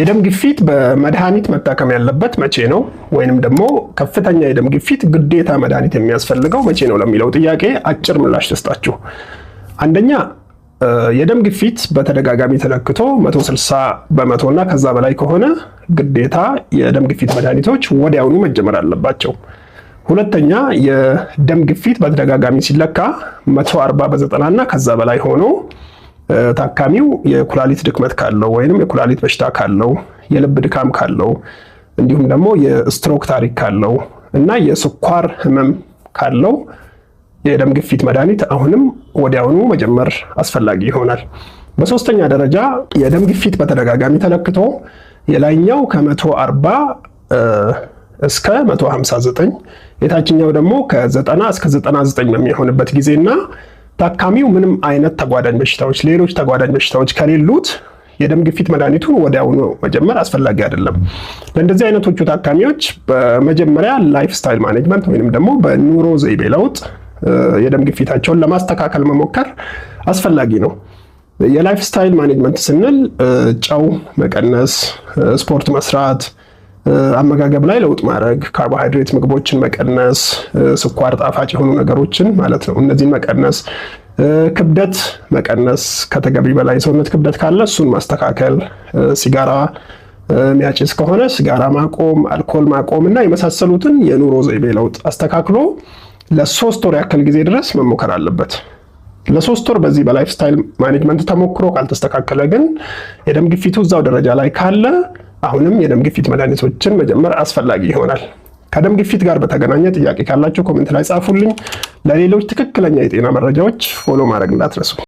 የደም ግፊት በመድኃኒት መታከም ያለበት መቼ ነው? ወይንም ደግሞ ከፍተኛ የደም ግፊት ግዴታ መድኃኒት የሚያስፈልገው መቼ ነው ለሚለው ጥያቄ አጭር ምላሽ ተስጣችሁ። አንደኛ የደም ግፊት በተደጋጋሚ ተለክቶ 160 በመቶ እና ከዛ በላይ ከሆነ ግዴታ የደም ግፊት መድኃኒቶች ወዲያውኑ መጀመር አለባቸው። ሁለተኛ የደም ግፊት በተደጋጋሚ ሲለካ 140 በ90 እና ከዛ በላይ ሆኖ ታካሚው የኩላሊት ድክመት ካለው ወይንም የኩላሊት በሽታ ካለው፣ የልብ ድካም ካለው እንዲሁም ደግሞ የስትሮክ ታሪክ ካለው እና የስኳር ህመም ካለው የደም ግፊት መድኃኒት አሁንም ወዲያውኑ መጀመር አስፈላጊ ይሆናል። በሶስተኛ ደረጃ የደም ግፊት በተደጋጋሚ ተለክቶ የላይኛው ከ140 እስከ 159 የታችኛው ደግሞ ከ90 እስከ 99 በሚሆንበት ጊዜና ታካሚው ምንም አይነት ተጓዳኝ በሽታዎች፣ ሌሎች ተጓዳኝ በሽታዎች ከሌሉት የደም ግፊት መድኃኒቱን ወዲያውኑ መጀመር አስፈላጊ አይደለም። ለእንደዚህ አይነቶቹ ታካሚዎች በመጀመሪያ ላይፍ ስታይል ማኔጅመንት ወይንም ደግሞ በኑሮ ዘይቤ ለውጥ የደም ግፊታቸውን ለማስተካከል መሞከር አስፈላጊ ነው። የላይፍ ስታይል ማኔጅመንት ስንል ጨው መቀነስ፣ ስፖርት መስራት አመጋገብ ላይ ለውጥ ማድረግ፣ ካርቦሃይድሬት ምግቦችን መቀነስ፣ ስኳር፣ ጣፋጭ የሆኑ ነገሮችን ማለት ነው። እነዚህን መቀነስ፣ ክብደት መቀነስ፣ ከተገቢ በላይ የሰውነት ክብደት ካለ እሱን ማስተካከል፣ ሲጋራ የሚያጭስ ከሆነ ሲጋራ ማቆም፣ አልኮል ማቆም እና የመሳሰሉትን የኑሮ ዘይቤ ለውጥ አስተካክሎ ለሶስት ወር ያክል ጊዜ ድረስ መሞከር አለበት። ለሶስት ወር በዚህ በላይፍ ስታይል ማኔጅመንት ተሞክሮ ካልተስተካከለ ግን የደም ግፊቱ እዛው ደረጃ ላይ ካለ አሁንም የደም ግፊት መድኃኒቶችን መጀመር አስፈላጊ ይሆናል። ከደም ግፊት ጋር በተገናኘ ጥያቄ ካላቸው ኮሜንት ላይ ጻፉልኝ። ለሌሎች ትክክለኛ የጤና መረጃዎች ፎሎ ማድረግ እንዳትረሱ።